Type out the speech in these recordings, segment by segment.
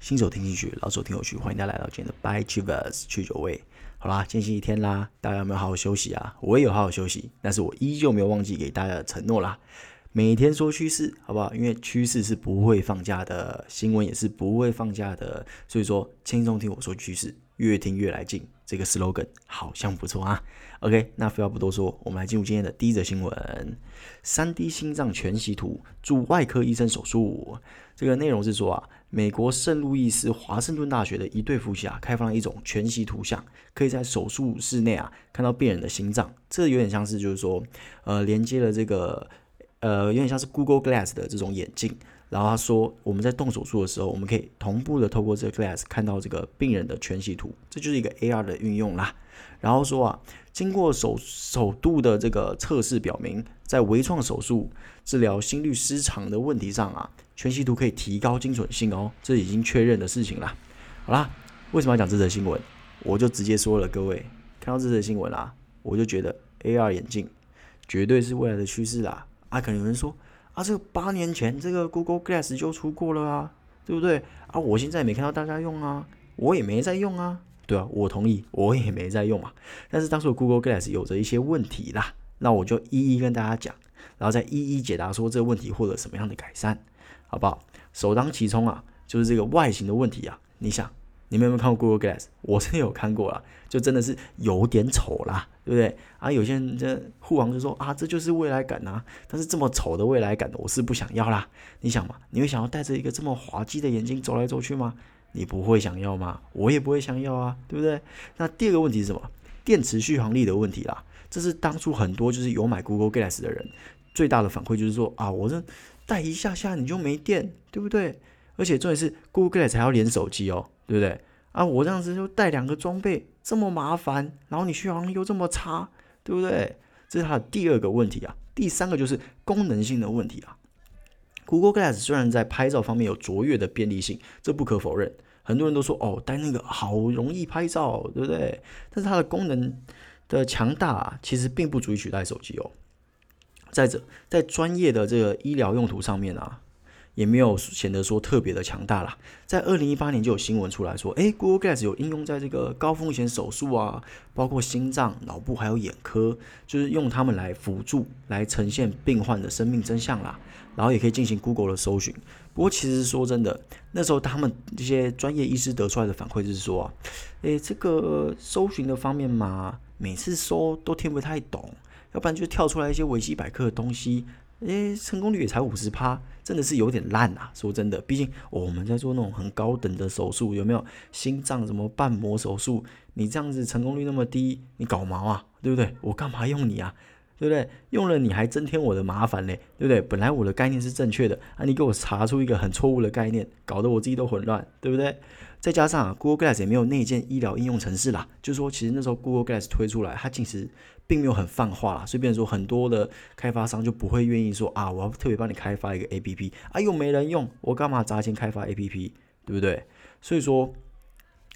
新手聽進去，老手聽有趣，歡迎大家來到今天的 Bye Chivers 去酒味。好啦，今天星期天啦，大家有沒有好好休息啊？我也有好好休息，但是我依舊沒有忘記給大家的承諾啦。每天說趨勢，好不好？因為趨勢是不會放假的，新聞也是不會放假的，所以說，輕鬆聽我說趨勢。越聽越來勁，這個 slogan 好像不錯啊。OK，那廢話不多說，我們來進入今天的第一則新聞：三 D 心臟全息圖助外科醫生手術。這個內容是說啊，美國聖路易斯華盛頓大學的一對夫妻啊，開放了一種全息圖像，可以在手術室內啊看到病人的心臟。這有點像是就是說，呃，連接了這個，呃，有點像是 Google Glass 的這種眼鏡。然後他說，我們在動手術的時候，我們可以同步的透過這個 glass 看到這個病人的全息圖，這就是一個 AR 的運用啦。然後說啊，經過首首度的這個測試表明，在微創手術治療心律失常的問題上啊，全息圖可以提高精準性哦，這已經確認的事情啦。好啦，為什麼要講這則新聞？我就直接說了，各位，看到這則新聞啦，啊，我就覺得 AR 眼鏡絕對是未來的趨勢啦。啊，可能有人說。啊，這個八年前這個 Google Glass 就出過了啊，對不對？啊，我現在也沒看到大家用啊，我也沒在用啊，對啊，我同意，我也沒在用啊。但是當時 Google Glass 有着一些問題啦，那我就一一跟大家講，然後再一一解答說，這個問題獲得什麼樣的改善，好不好？首當其衝啊，就是這個外形的問題啊，你想。你們有沒有看過 Google Glass？我是有看過了，就真的是有點醜啦，對不對？啊，有些人這互聯網，就說啊，這就是未來感啊！但是這麼醜的未來感，我是不想要啦。你想嘛，你會想要戴着一個這麼滑稽的眼鏡走來走去嗎？你不會想要嗎？我也不會想要啊，對不對？那第二個問題是什麼？電池續航力的問題啦。這是當初很多就是有買 Google Glass 的人最大的反饋，就是說啊，我這戴一下下你就沒電，對不對？而且重點是 Google Glass 還要連手機哦。對不對啊？我這樣子就帶兩個裝備，這麼麻煩，然後你續航又這麼差，對不對？這是它的第二個問題啊。第三個就是功能性的問題啊。Google Glass 雖然在拍照方面有卓越的便利性，這不可否認，很多人都說哦，帶那個好容易拍照，對不對？但是它的功能的強大啊，其實並不足以取代手機哦。再者，在專業的這個醫療用途上面啊。也沒有顯得說特別的強大啦。在二零一八年就有新聞出來說，誒，Google Glass 有應用在這個高風險手術啊，包括心臟、腦部還有眼科，就是用它們來輔助來呈現病患的生命真相啦。然後也可以進行 Google 的搜尋。不過其實說真的，那時候他們這些專業醫師得出來的反饋就是說啊，誒，這個搜尋的方面嘛，每次搜都聽不太懂，要不然就跳出來一些維基百科的東西。誒，成功率也才五十趴，真的是有點爛啊！說真的，畢竟、哦、我們在做那種很高等的手術，有沒有心臟什麼瓣膜手術？你這樣子成功率那麼低，你搞毛啊？對不對？我幹嘛用你啊？對不對？用了你還增添我的麻煩嘞、欸，對不對？本來我的概念是正確的啊，你給我查出一個很錯誤的概念，搞得我自己都混亂，對不對？再加上啊，Google Glass 也沒有內建醫療應用程式啦，就說其實那時候 Google Glass 推出來，它其實並沒有很泛化啦，所以，變成說很多的開發商就不會願意說啊，我要特別幫你開發一個 A P P 啊，又沒人用，我幹嘛砸錢開發 A P P，對不對？所以說，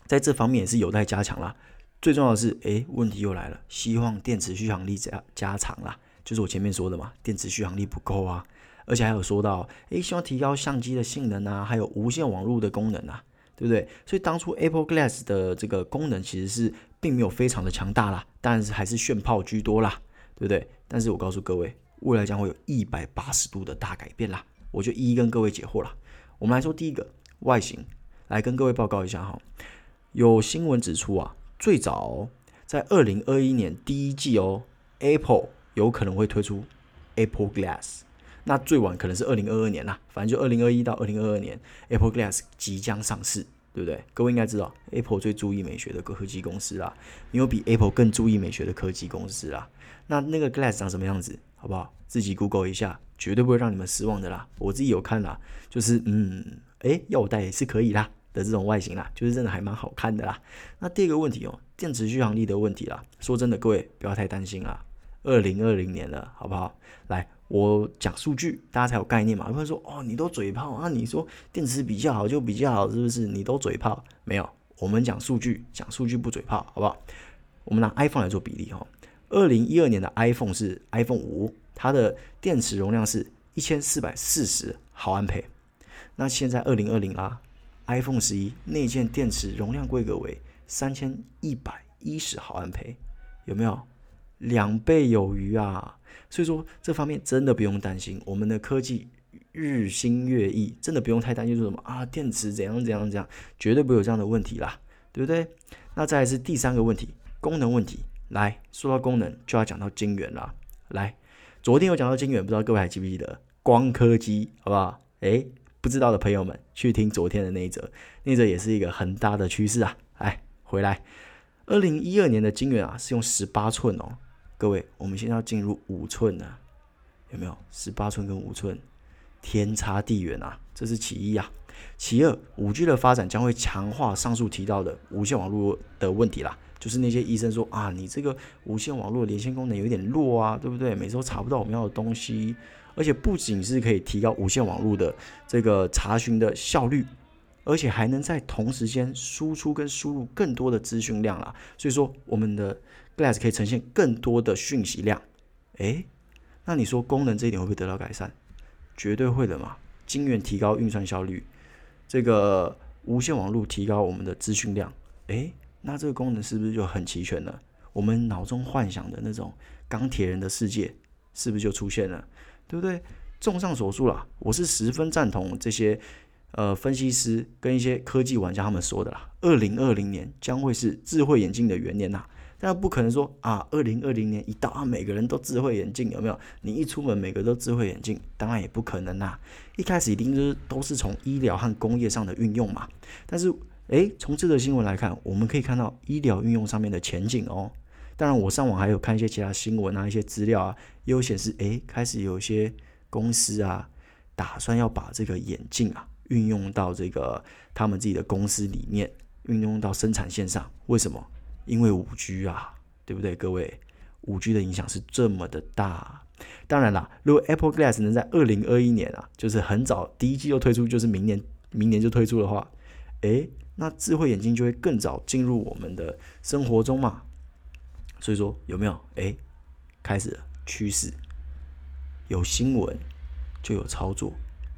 在這方面也是有待加強啦。最重要的是，哎，問題又來了。希望電池續航力加加長啦，就是我前面說的嘛，電池續航力不夠啊。而且還有說到，哎，希望提高相機的性能啊，還有無線網絡的功能啊，對不對？所以當初 Apple Glass 的這個功能其實是並沒有非常的強大啦，但是還是炫炮居多啦，對不對？但是我告訴各位，未來將會有一百八十度的大改變啦，我就一一跟各位解惑啦。我們來說第一個外形，來跟各位報告一下哈，有新聞指出啊。最早在二零二一年第一季哦，Apple 有可能會推出 Apple Glass，那最晚可能是二零二二年啦。反正就二零二一到二零二二年，Apple Glass 即將上市，對不對？各位應該知道，Apple 最注意美學的科技公司啦。沒有比 Apple 更注意美學的科技公司啦。那那個 Glass 長什麼樣子，好不好？自己 Google 一下，絕對不會讓你們失望的啦。我自己有看啦，就是嗯，誒，要我帶也是可以啦。的這種外形啦，就是真的還蠻好看的啦。那第二個問題哦、喔，電池續航力的問題啦。說真的，各位不要太擔心啊。二零二零年了，好不好？來，我講數據，大家才有概念嘛。有朋友說哦，你都嘴炮那、啊、你說電池比較好就比較好，是不是？你都嘴炮？沒有，我們講數據，講數據不嘴炮，好不好？我們拿 iPhone 來做比例哦、喔。二零一二年的 iPhone 是 iPhone 五，它的電池容量是一千四百四十毫安培。那現在二零二零啦。iPhone 十一內建電池容量規格為三千一百一十毫安培，有沒有兩倍有餘啊？所以說這方面真的不用擔心，我們的科技日新月異，真的不用太擔心說什麼啊電池怎樣怎樣怎樣，絕對不會有這樣的問題啦，對不對？那再來是第三個問題，功能問題。來說到功能，就要講到晶圓啦。來，昨天有講到晶圓，不知道各位還記不記得光刻機，好不好？誒、欸。不知道的朋友們，去聽昨天的那一則，那一則也是一個很大的趨勢啊！哎，回來，二零一二年的晶圓啊是用十八寸哦，各位，我們現在要進入五寸啊。有沒有？十八寸跟五寸天差地遠啊，這是其一啊，其二，五 G 的發展將會強化上述提到的無線網絡的問題啦。就是那些醫生說啊，你這個無線網絡的連線功能有點弱啊，對不對？每次都查不到我們要的東西。而且不僅是可以提高無線網絡的這個查詢的效率，而且還能在同時間輸出跟輸入更多的資訊量啦。所以說，我們的 Glass 可以呈現更多的訊息量。哎，那你說功能這一點會不會得到改善？絕對會的嘛。晶圓提高運算效率，這個無線網絡提高我們的資訊量。哎。那這個功能是不是就很齊全了？我們腦中幻想的那種鋼鐵人的世界是不是就出現了？對不對？綜上所述啦，我是十分贊同這些呃分析師跟一些科技玩家他們說的啦。二零二零年將會是智慧眼鏡的元年吶，但不可能說啊，二零二零年一到啊，每個人都智慧眼鏡，有沒有？你一出門，每個都智慧眼鏡，當然也不可能啦。一開始一定，就是都是從醫療和工業上的運用嘛，但是。誒，從這個新聞來看，我們可以看到醫療運用上面的前景哦。當然，我上網還有看一些其他新聞啊，一些資料啊，也有顯示，誒，開始有一些公司啊，打算要把這個眼鏡啊運用到這個他們自己的公司裡面，運用到生產線上。為什麼？因為 5G 啊，對不對，各位？5G 的影響是這麼的大。當然啦，如果 Apple Glass 能在2021年啊，就是很早第一季就推出，就是明年，明年就推出的話。誒，那智慧眼鏡就會更早進入我們的生活中嘛？所以說有沒有？誒，開始了趨勢，有新聞就有操作，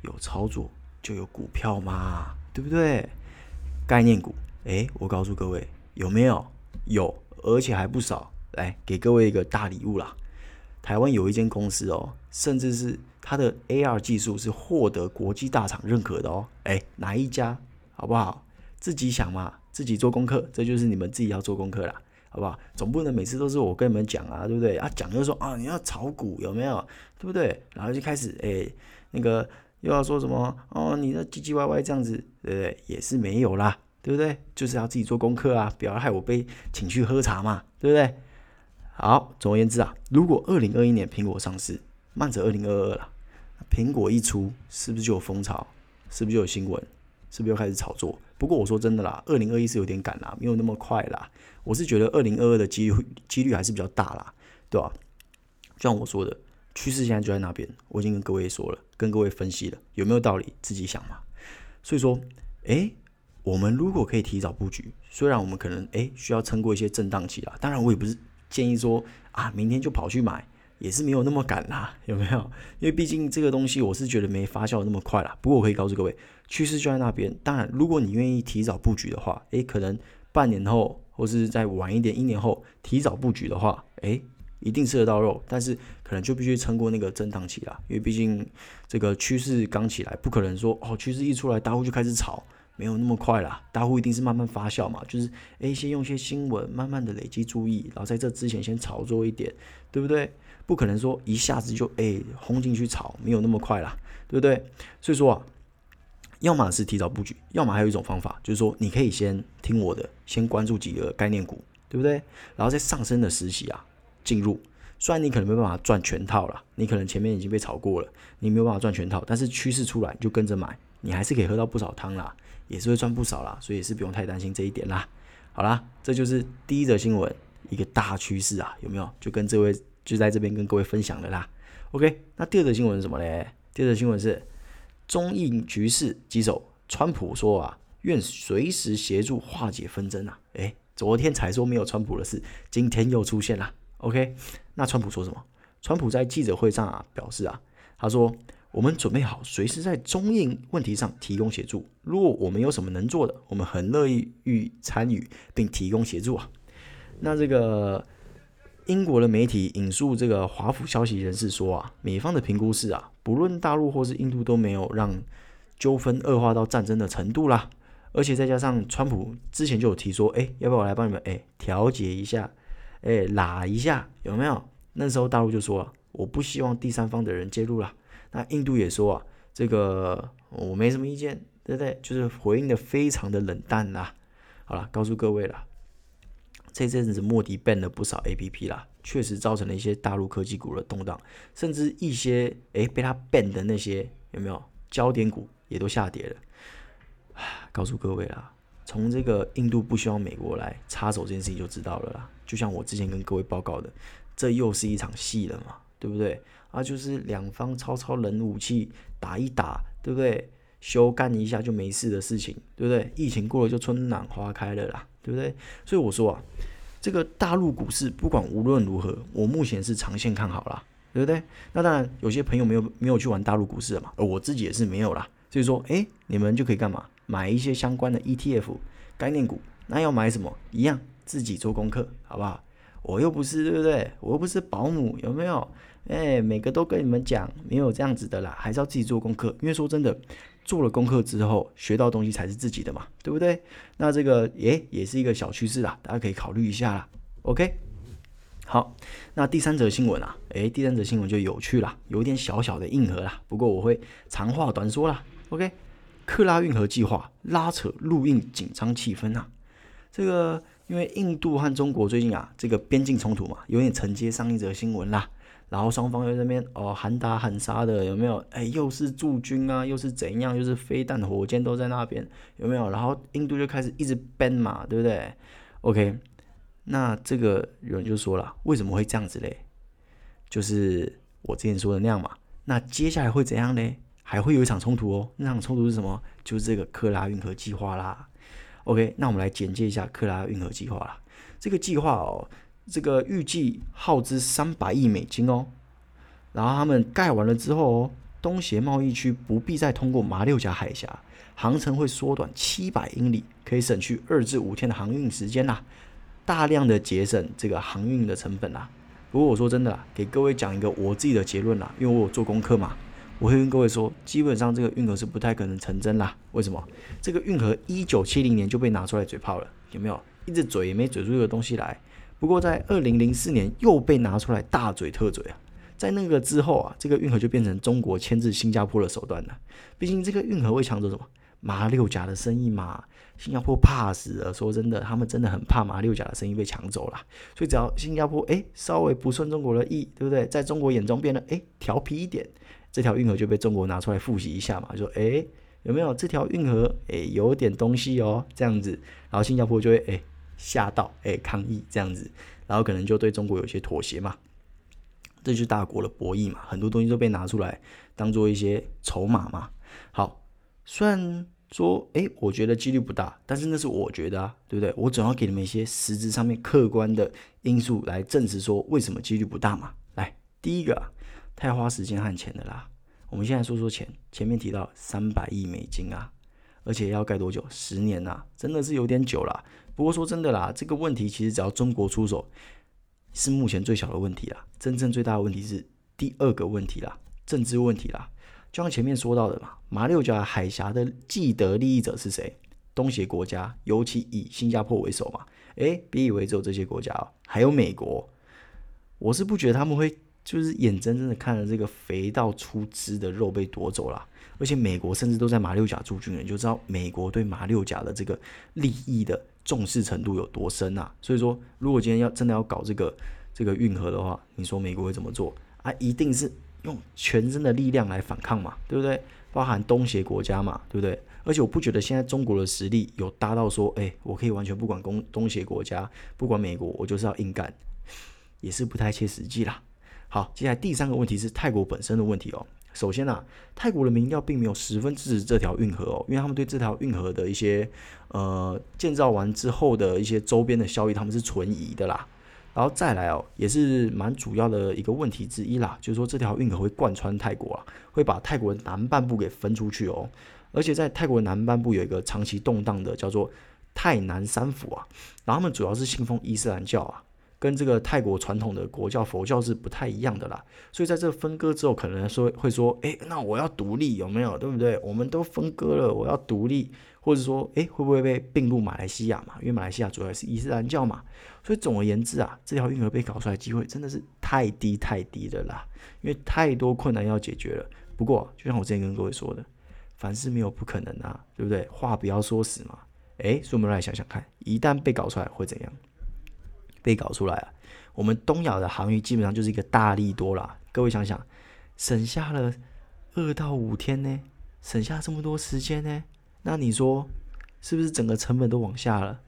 有操作就有股票嘛，對不對？概念股，誒，我告訴各位，有沒有？有，而且還不少。來，給各位一個大禮物啦！台灣有一間公司哦，甚至是它的 AR 技術是獲得國際大廠認可的哦。誒，哪一家？好不好？自己想嘛，自己做功課，這就是你們自己要做功課啦，好不好？總不能每次都是我跟你們講啊，對不對？啊，講就說啊，哦，你要炒股有沒有？對不對？然後就開始哎，那個又要說什麼哦，你的唧唧歪歪這樣子，對不對？也是沒有啦，對不對？就是要自己做功課啊，不要害我被請去喝茶嘛，對不對？好，總而言之啊，如果二零二一年蘋果上市，慢着，二零二二了，蘋果一出，是不是就有風潮？是不是就有新聞？是不是又開始炒作？不過我說真的啦，二零二一是有點趕啦，沒有那麼快啦。我是覺得二零二二的機率，機率還是比較大啦，對吧？就像我說的趨勢現在就在那邊，我已經跟各位說了，跟各位分析了，有沒有道理自己想嘛。所以說，哎，我們如果可以提早布局，雖然我們可能哎需要撐過一些震盪期啦，當然我也不是建議說啊明天就跑去買。也是沒有那麼趕啦，有沒有？因為畢竟這個東西我是覺得沒發酵那麼快啦。不過我可以告訴各位，趨勢就在那邊。當然，如果你願意提早佈局的話，誒、欸，可能半年後，或是再晚一點，一年後提早佈局的話，誒、欸，一定吃得到肉。但是可能就必須撐過那個震盪期了，因為畢竟這個趨勢剛起來，不可能說哦，趨勢一出來大戶就開始炒，沒有那麼快啦。大戶一定是慢慢發酵嘛，就是誒、欸，先用一些新聞慢慢的累積注意，然後在這之前先炒作一點。對不對？不可能說一下子就哎、欸、轟進去炒，沒有那麼快啦，對不對？所以說啊，要麼是提早布局，要麼還有一種方法，就是說你可以先聽我的，先關注幾個概念股，對不對？然後再上升的時期啊進入，雖然你可能沒辦法賺全套啦，你可能前面已經被炒過了，你沒有辦法賺全套，但是趨勢出來就跟着買，你還是可以喝到不少湯啦，也是會賺不少啦，所以也是不用太擔心這一點啦。好啦，這就是第一則新聞。一個大趨勢啊，有沒有？就跟這位就在這邊跟各位分享的啦。OK，那第二個新聞是什麼嘞？第二個新聞是中印局勢棘手，川普說啊，願隨時協助化解紛爭啊。哎，昨天才說沒有川普的事，今天又出現了。OK，那川普說什麼？川普在記者會上啊表示啊，他說，我們準備好隨時在中印問題上提供協助，如果我們有什麼能做的，我們很樂意予以參與並提供協助啊。那這個英國的媒體引述這個華府消息人士說啊，美方的評估是啊，不論大陸或是印度都沒有讓糾紛惡化到戰爭的程度啦。而且再加上川普之前就有提說，哎，要不要我來幫你們哎調解一下，哎拉一下有沒有？那時候大陸就說我不希望第三方的人介入啦，那印度也說啊，這個我沒什麼意見，對不對？就是回應的非常的冷淡啦。好了，告訴各位了。這陣子莫迪 ban 了不少 A P P 啦，確實造成了一些大陸科技股的動盪，甚至一些哎被他 ban 的那些有沒有焦點股也都下跌了。告訴各位啦，從這個印度不需要美國來插手這件事情就知道了啦。就像我之前跟各位報告的，這又是一場戲了嘛，對不對？啊，就是兩方超超人武器打一打，對不對？休干一下就沒事的事情，對不對？疫情過了就春暖花開了啦。對不對？所以我說啊，這個大陸股市，不管無論如何，我目前是長線看好啦。對不對？那當然，有些朋友沒有沒有去玩大陸股市嘛，而我自己也是沒有啦。所以說，誒、欸，你們就可以幹嘛？買一些相關的 ETF 概念股，那要買什麼？一樣自己做功課，好不好？我又不是，對不對？我又不是保姆，有沒有？誒、欸，每個都跟你們講沒有這樣子的啦，還是要自己做功課。因為說真的。做了功課之後，學到東西才是自己的嘛，對不對？那這個也也是一個小趨勢啦，大家可以考慮一下啦。OK，好，那第三則新聞啊，誒，第三則新聞就有趣啦，有一點小小的硬核啦。不過我會長話短說啦。OK，克拉運河計劃拉扯陸運緊張氣氛啊，這個。因為印度和中國最近啊，這個邊境衝突嘛，有點承接上一則新聞啦。然後雙方又在那邊哦，喊打喊殺的，有沒有？哎，又是駐軍啊，又是怎樣，又是飛彈、火箭都在那邊，有沒有？然後印度就開始一直 ban 嘛，對不對？OK，那這個有人就說了，為什麼會這樣子嘞？就是我之前說的那樣嘛。那接下來會怎樣嘞？還會有一場衝突哦。那場衝突是什麼？就是這個克拉運河計劃啦。OK，那我們來簡介一下克拉運河計劃啦。這個計劃哦，這個預計耗資三百億美金哦。然後他們蓋完了之後哦，東協貿易區不必再通過馬六甲海峽，航程會縮短七百英里，可以省去二至五天的航運時間吶，大量的節省這個航運的成本吶。不過我說真的，給各位講一個我自己的結論啦，因為我有做功課嘛。我會跟各位說，基本上這個運河是不太可能成真啦。為什麼？這個運河一九七零年就被拿出來嘴炮了，有沒有？一直嘴也沒嘴出這個東西來。不過在二零零四年又被拿出來大嘴特嘴啊。在那個之後啊，這個運河就變成中國牽制新加坡的手段了。畢竟這個運河會搶走什麼？馬六甲的生意嘛。新加坡怕死了，說真的，他們真的很怕馬六甲的生意被搶走啦。所以只要新加坡，哎，稍微不順中國的意，對不對？在中國眼中變得，哎，調皮一點。這條運河就被中國拿出來複習一下嘛，就說誒有沒有這條運河，誒有點東西哦這樣子，然後新加坡就會誒嚇到，誒抗議這樣子，然後可能就對中國有些妥協嘛，這就是大國的博弈嘛，很多東西都被拿出來當做一些籌碼嘛。好，雖然說誒我覺得幾率不大，但是那是我覺得啊，對不對？我總要給你們一些實質上面客觀的因素來證實說為什麼幾率不大嘛。來第一個。太花時間和錢的啦。我們現在說說錢，前面提到三百億美金啊，而且要蓋多久？十年啊，真的是有點久了。不過說真的啦，這個問題其實只要中國出手，是目前最小的問題啦。真正最大的問題是第二個問題啦，政治問題啦。就像前面說到的嘛，馬六甲海峽的既得利益者是誰？東協國家，尤其以新加坡為首嘛。誒，別以為只有這些國家哦，還有美國。我是不覺得他們會。就是眼睜睜的看着這個肥到出汁的肉被奪走了，而且美國甚至都在馬六甲駐軍了，你就知道美國對馬六甲的這個利益的重視程度有多深啊！所以說，如果今天要真的要搞這個這個運河的話，你說美國會怎麼做啊？一定是用全身的力量來反抗嘛，對不對？包含東協國家嘛，對不對？而且我不覺得現在中國的實力有大到說，哎，我可以完全不管東東協國家，不管美國，我就是要硬幹，也是不太切實際啦。好，接下來第三個問題是泰國本身的問題哦。首先啊，泰國的民調並沒有十分支持這條運河哦，因為他們對這條運河的一些呃建造完之後的一些周邊的效益他們是存疑的啦。然後再來哦，也是蠻主要的一個問題之一啦，就是說這條運河會貫穿泰國啊，會把泰國的南半部給分出去哦。而且在泰國的南半部有一個長期動盪的叫做泰南三府啊，然後他們主要是信奉伊斯蘭教啊。跟這個泰國傳統的國教佛教是不太一樣的啦，所以在這分割之後，可能說會說，誒，那我要獨立有沒有？對不對？我們都分割了，我要獨立，或者說，誒，會不會被併入馬來西亞嘛？因為馬來西亞主要是伊斯蘭教嘛。所以總而言之啊，這條運河被搞出來的機會真的是太低太低的啦，因為太多困難要解決了。不過啊，就像我之前跟各位說的，凡事沒有不可能啊，對不對？話不要說死嘛。誒，所以我們來想想看，一旦被搞出來會怎樣？被搞出來了，我們東亞的航運基本上就是一個大利多啦。各位想想，省下了二到五天呢，省下這麼多時間呢，那你說是不是整個成本都往下了？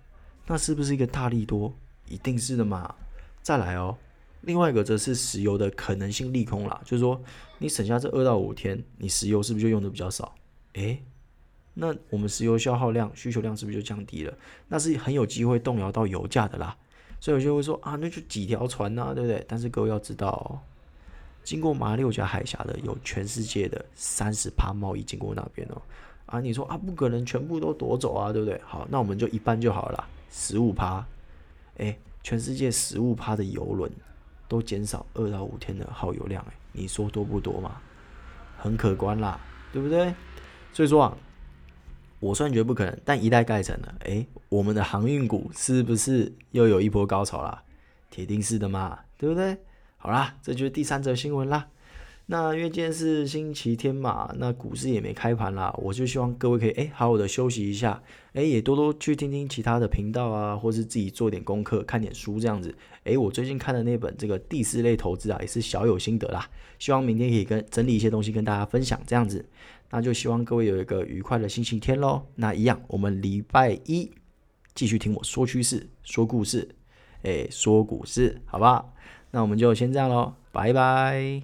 那是不是一個大利多？一定是的嘛。再來哦，另外一個則是石油的可能性利空啦，就是說你省下這二到五天，你石油是不是就用得比較少？誒，那我們石油消耗量、需求量是不是就降低了？那是很有機會動搖到油價的啦。所以有些人會說啊，那就幾條船吶、啊，對不對？但是各位要知道、哦，經過馬六甲海峽的有全世界的三十趴貿易經過那邊哦。啊，你說啊，不可能全部都奪走啊，對不對？好，那我們就一半就好了，十五趴。哎，全世界十五趴的油輪都減少二到五天的耗油量，哎，你說多不多嘛？很可觀啦，對不對？所以說啊。我算覺得不可能，但一旦蓋成了，誒，我們的航運股是不是又有一波高潮啦？鐵定是的嘛，對不對？好啦，這就是第三則新聞啦。那因為今天是星期天嘛，那股市也沒開盤啦，我就希望各位可以哎好好的休息一下，哎也多多去聽聽其他的頻道啊，或是自己做點功課，看點書這樣子。哎，我最近看的那本這個第四類投資啊，也是小有心得啦。希望明天可以跟整理一些東西跟大家分享這樣子。那就希望各位有一個愉快的星期天嘍。那一樣，我們禮拜一繼續聽我說趨勢，說故事。哎說股市，好不好？那我們就先這樣嘍，拜拜。